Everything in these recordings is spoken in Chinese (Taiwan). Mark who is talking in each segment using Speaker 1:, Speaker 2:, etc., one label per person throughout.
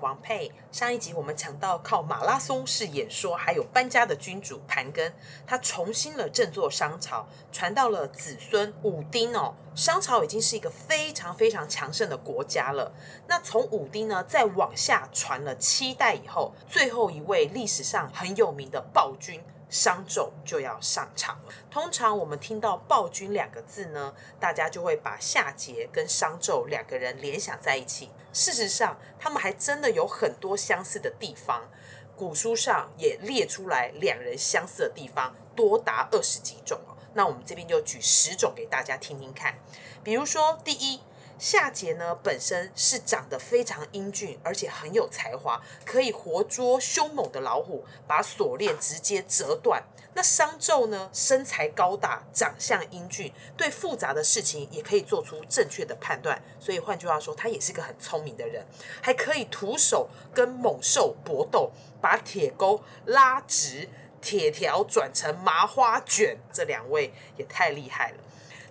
Speaker 1: 王佩，上一集我們講到靠馬拉松式演說，還有搬家的君主盤庚，他重新了振作商朝，傳到了子孫武丁哦，商朝已經是一個非常非常強盛的國家了。那從武丁呢再往下傳了七代以後，最後一位歷史上很有名的暴君。商紂就要上場了。通常我們聽到暴君兩個字呢，大家就會把夏桀跟商紂兩個人聯想在一起。事實上，他們還真的有很多相似的地方。古書上也列出來兩人相似的地方多達二十幾種哦。那我們這邊就舉十種給大家聽聽看。比如說，第一。夏桀呢，本身是長得非常英俊，而且很有才華，可以活捉兇猛的老虎，把鎖鏈直接折斷。那商紂呢，身材高大，長相英俊，對複雜的事情也可以做出正確的判斷，所以換句話說，他也是個很聰明的人，還可以徒手跟猛獸搏鬥，把鐵鈎拉直，鐵條轉成麻花卷，這兩位也太厲害了。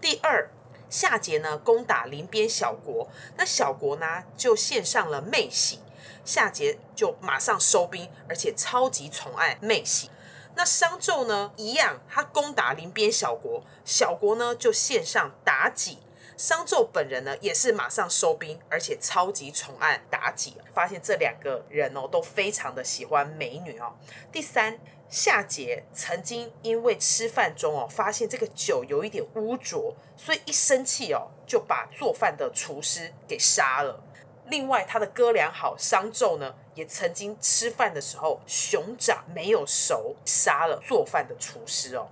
Speaker 1: 第二。夏桀呢，攻打鄰邊小國，那小國呢就獻上了妹喜，夏桀就馬上收兵，而且超級寵愛妹喜。那商紂呢一樣，他攻打鄰邊小國，小國呢就獻上妲己，商紂本人呢也是馬上收兵，而且超級寵愛妲己。發現這兩個人哦，都非常的喜歡美女哦。第三。夏桀曾經因為吃飯中哦，發現這個酒有一點污濁，所以一生氣哦，就把做飯的廚師給殺了。另外，他的哥倆好商紂呢，也曾經吃飯的時候熊掌沒有熟，殺了做飯的廚師哦。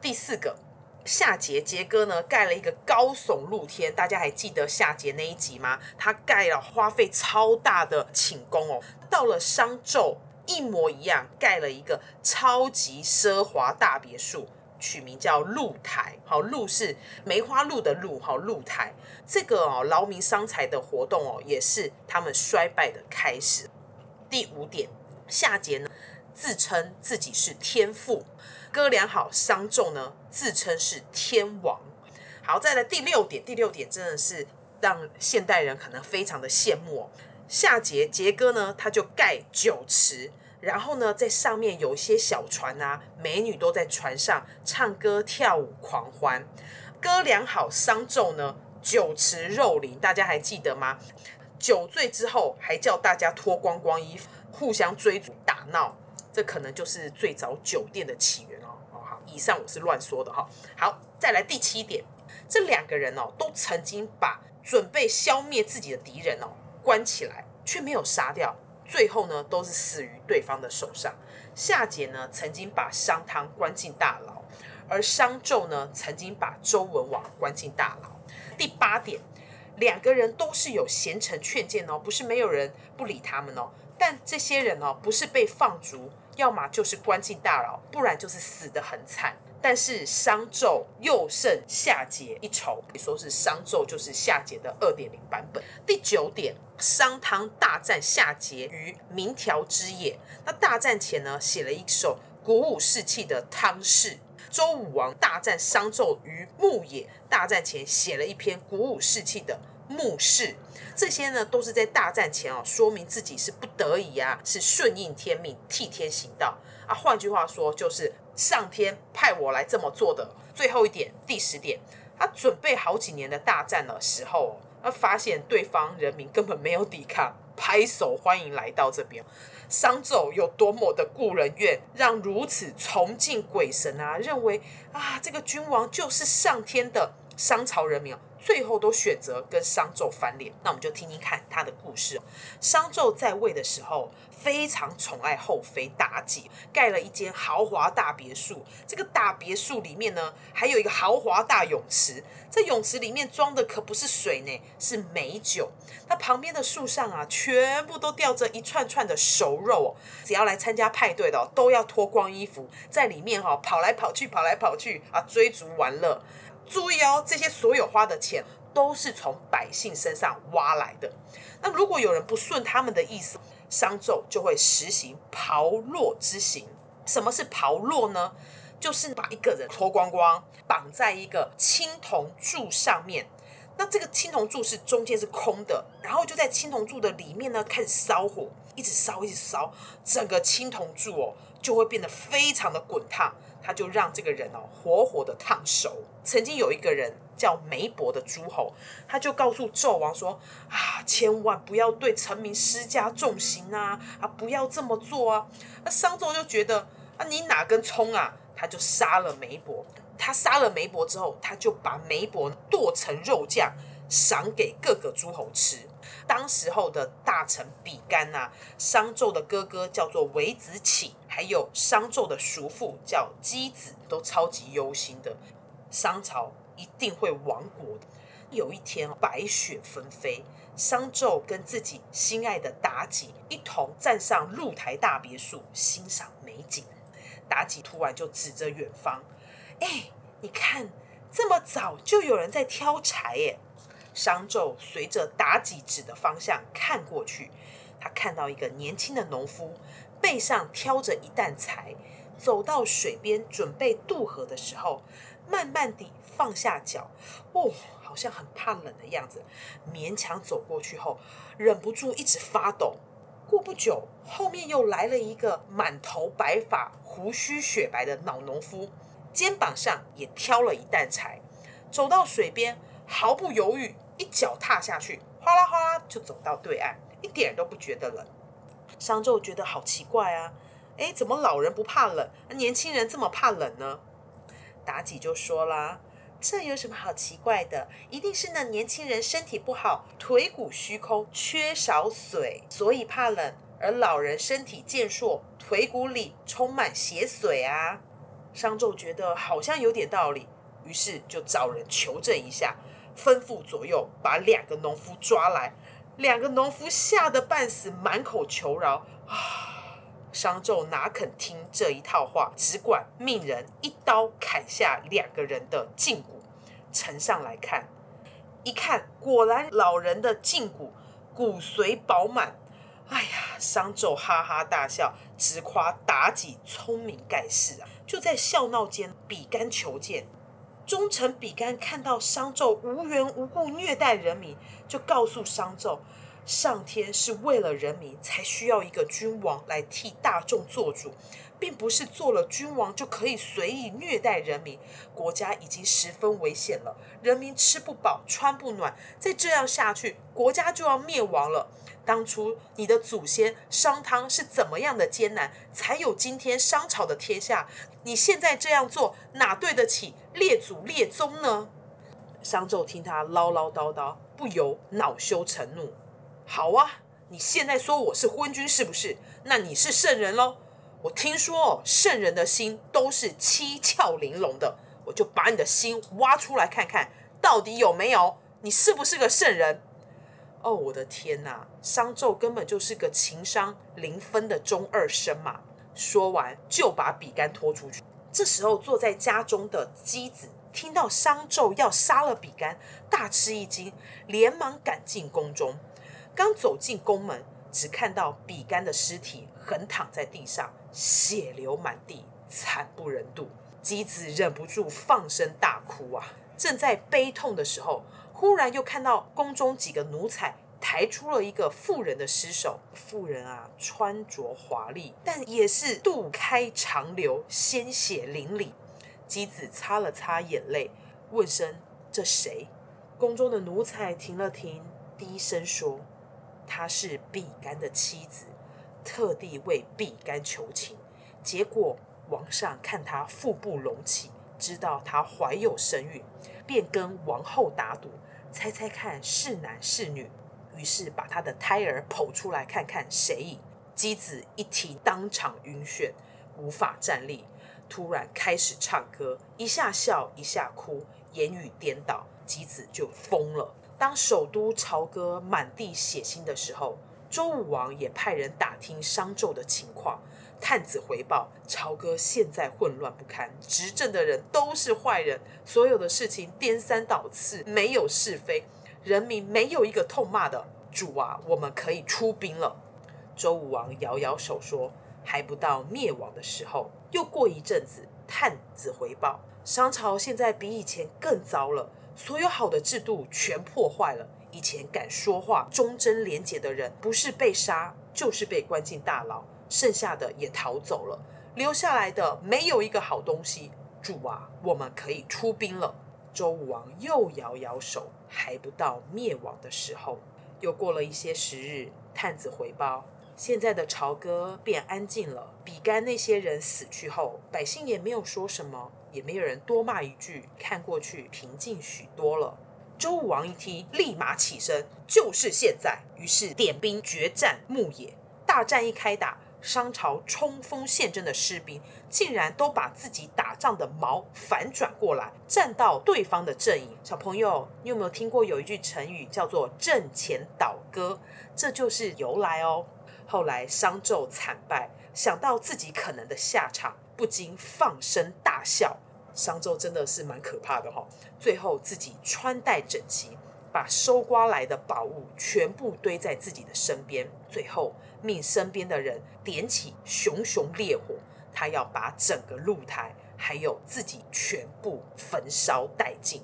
Speaker 1: 第四個，夏桀桀哥呢蓋了一個高聳露天，大家還記得夏桀那一集嗎？他蓋了花費超大的寢宮哦。到了商紂。一模一樣，蓋了一個超級奢華大別墅，取名叫鹿台。好，鹿是梅花鹿的鹿，好，鹿台這個哦，勞民傷財的活動哦，也是他們衰敗的開始。第五點，夏桀呢自稱自己是天父，哥倆好，商紂呢自稱是天王。好，再來第六點，第六點真的是讓現代人可能非常的羨慕哦。夏桀，桀哥呢，他就蓋酒池，然後呢，在上面有一些小船啊，美女都在船上唱歌跳舞狂歡。哥倆好，商紂呢，酒池肉林，大家還記得嗎？酒醉之後還叫大家脫光光衣服，互相追逐打鬧，這可能就是最早酒店的起源哦。哦好，以上我是亂說的哈、哦。好，再來第七點，這兩個人哦，都曾經把準備消滅自己的敵人哦。關起來卻沒有殺掉，最後呢都是死於對方的手上。夏桀呢曾經把商湯關進大牢，而商紂呢曾經把周文王關進大牢。第八點，兩個人都是有賢臣勸諫哦，不是沒有人不理他們哦。但這些人哦，不是被放逐，要麼就是關進大牢，不然就是死得很慘。但是商紂又勝夏桀一籌，可以說是商紂就是夏桀的二點零版本。第九點，商湯大戰夏桀於鳴條之野，那大戰前呢，寫了一首鼓舞士氣的《湯誓》；周武王大戰商紂於牧野，大戰前寫了一篇鼓舞士氣的《牧誓》。這些呢，都是在大戰前啊、哦，說明自己是不得已啊，是順應天命，替天行道。啊，換句話說，就是上天派我來這麼做的。最後一點，第十點，他、啊、準備好幾年的大戰的時候，他、啊、發現對方人民根本沒有抵抗，拍手歡迎來到這邊。商紂有多麼的故人怨，讓如此崇敬鬼神啊，認為啊，這個君王就是上天的商朝人民，啊、最後都選擇跟商紂翻臉。那我們就聽聽看他的故事。商紂在位的時候，非常寵愛後妃妲己，蓋了一間豪華大別墅。這個大別墅裡面呢，還有一個豪華大泳池。這泳池裡面裝的可不是水呢，是美酒。那旁邊的樹上啊，全部都吊着一串串的熟肉哦。只要來參加派對的哦，都要脫光衣服在裡面哈、哦、跑來跑去，跑來跑去啊，追逐玩樂。注意哦，這些所有花的錢都是從百姓身上挖來的。那如果有人不順他們的意思，商紂就會實行炮烙之刑。什麼是炮烙呢？就是把一個人脫光光，綁在一個青銅柱上面。那這個青銅柱是中間是空的，然後就在青銅柱的裡面呢，開始燒火，一直燒，一直燒，一直燒，整個青銅柱哦。就會變得非常的滾燙，他就讓這個人哦活活的燙熟。曾經有一個人叫梅伯的諸侯，他就告訴紂王說：“啊，千萬不要對臣民施加重刑啊，啊，不要這麼做啊。”那商紂就覺得：“啊，你哪根蔥啊？”他就殺了梅伯。他殺了梅伯之後，他就把梅伯剁成肉醬。賞給各個諸侯吃。當時候的大臣比干吶，商紂的哥哥叫做微子啟，還有商紂的叔父叫箕子，都超級憂心的，商朝一定會亡國的。有一天，白雪紛飛，商紂跟自己心愛的妲己一同站上露台大別墅，欣賞美景。妲己突然就指着遠方：“哎，你看，這麼早就有人在挑柴耶商紂隨着妲己指的方向看過去，他看到一個年輕的農夫背上挑着一擔柴，走到水邊準備渡河的時候，慢慢地放下腳，哦，好像很怕冷的樣子，勉強走過去後，忍不住一直發抖。過不久，後面又來了一個滿頭白髮、鬍鬚雪白的老農夫，肩膀上也挑了一擔柴，走到水邊，毫不猶豫，一腳踏下去，嘩啦嘩啦就走到對岸，一點都不覺得冷。商紂覺得好奇怪啊，哎、欸，怎麼老人不怕冷，啊、年輕人這麼怕冷呢？妲己就說啦：“這有什麼好奇怪的？一定是那年輕人身體不好，腿骨虛空，缺少水，所以怕冷。而老人身體健碩，腿骨裡充滿血水啊。”商紂覺得好像有點道理，於是就找人求證一下。吩咐左右把兩個農夫抓來，兩個農夫嚇得半死，滿口求饒。啊，商紂哪肯聽這一套話，只管命人一刀砍下兩個人的脛骨，呈上來看。一看，果然老人的脛骨骨髓飽滿。哎呀，商紂哈哈大笑，直誇妲己聰明蓋世啊！就在笑鬧間，比干求見。忠臣比干看到商紂無緣無故虐待人民，就告訴商紂，上天是為了人民才需要一個君王來替大眾做主。並不是做了君王就可以隨意虐待人民，國家已經十分危險了，人民吃不飽穿不暖，再這樣下去，國家就要滅亡了。當初你的祖先商湯是怎麼樣的艱難，才有今天商朝的天下？你現在這樣做，哪對得起列祖列宗呢？商紂聽他嘮嘮叨叨，不由惱羞成怒。好啊，你現在說我是昏君是不是？那你是聖人嘍？我聽說哦，聖人的心都是七竅玲瓏的，我就把你的心挖出來看看，到底有沒有？你是不是個聖人？哦，我的天哪！商紂根本就是個情商零分的中二生嘛！說完就把比干拖出去。這時候，坐在家中的箕子聽到商紂要殺了比干，大吃一驚，連忙趕進宮中。剛走進宮門，只看到比干的屍體橫躺在地上，血流滿地，慘不忍睹。箕子忍不住放聲大哭啊！正在悲痛的時候，忽然又看到宮中幾個奴才抬出了一個婦人的屍首。婦人啊，穿着華麗，但也是肚開腸流，鮮血淋漓。箕子擦了擦眼淚，問聲：“這誰？”宮中的奴才停了停，低聲說。她是比干的妻子，特地為比干求情。結果王上看他腹部隆起，知道他懷有身孕，便跟王后打賭，猜猜看是男是女。於是把他的胎兒剖出來看看誰贏。箕子一聽，當場暈眩，無法站立，突然開始唱歌，一下笑一下哭，言語顛倒，箕子就瘋了。當首都朝歌滿地血腥的時候，周武王也派人打聽商紂的情況。探子回報，朝歌現在混亂不堪，執政的人都是壞人，所有的事情顛三倒四，沒有是非，人民沒有一個痛罵的主啊！我們可以出兵了。周武王搖搖手說：“還不到滅亡的時候。”又過一陣子，探子回報，商朝現在比以前更糟了。所有好的制度全破壞了。以前敢說話、忠貞廉潔的人，不是被殺，就是被關進大牢。剩下的也逃走了，留下來的沒有一個好東西。主啊，我們可以出兵了。周武王又搖搖手，還不到滅亡的時候。又過了一些時日，探子回報，現在的朝歌變安靜了。比干那些人死去後，百姓也沒有說什麼。也沒有人多罵一句，看過去平靜許多了。周武王一聽，立馬起身，就是現在。於是點兵決戰牧野。大戰一開打，商朝衝鋒陷陣的士兵竟然都把自己打仗的矛反轉過來，站到對方的陣營。小朋友，你有沒有聽過有一句成語叫做“陣前倒戈”？這就是由來哦。後來商紂慘敗，想到自己可能的下場，不禁放聲大笑。商紂真的是蠻可怕的哈、哦，最後自己穿戴整齊，把搜刮來的寶物全部堆在自己的身邊，最後命身邊的人點起熊熊烈火，他要把整個露台還有自己全部焚燒殆盡，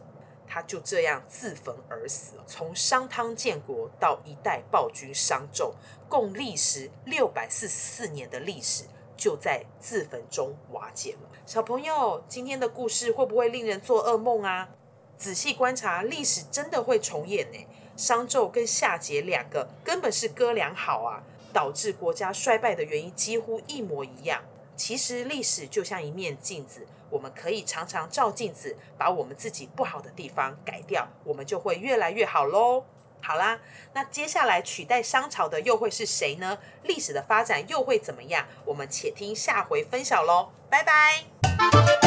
Speaker 1: 他就這樣自焚而死。從商湯建國到一代暴君商紂，共歷時六百四十四年的歷史。就在自焚中瓦解了。小朋友，今天的故事會不會令人做噩夢啊？仔細觀察，歷史真的會重演呢，欸。商紂跟夏桀兩個根本是哥倆好啊，導致國家衰敗的原因幾乎一模一樣。其實歷史就像一面鏡子，我們可以常常照鏡子，把我們自己不好的地方改掉，我們就會越來越好嘍。好啦，那接下來取代商朝的又會是誰呢？歷史的發展又會怎麼樣？我們且聽下回分解嘍，拜拜。